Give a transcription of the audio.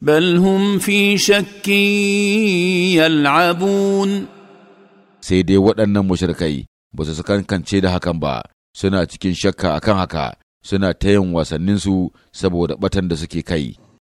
Balhumfi هم في sai dai waɗannan mushrikai ba su kankance da hakan ba suna cikin shakka a kan haka suna ta yin su saboda batan da suke kai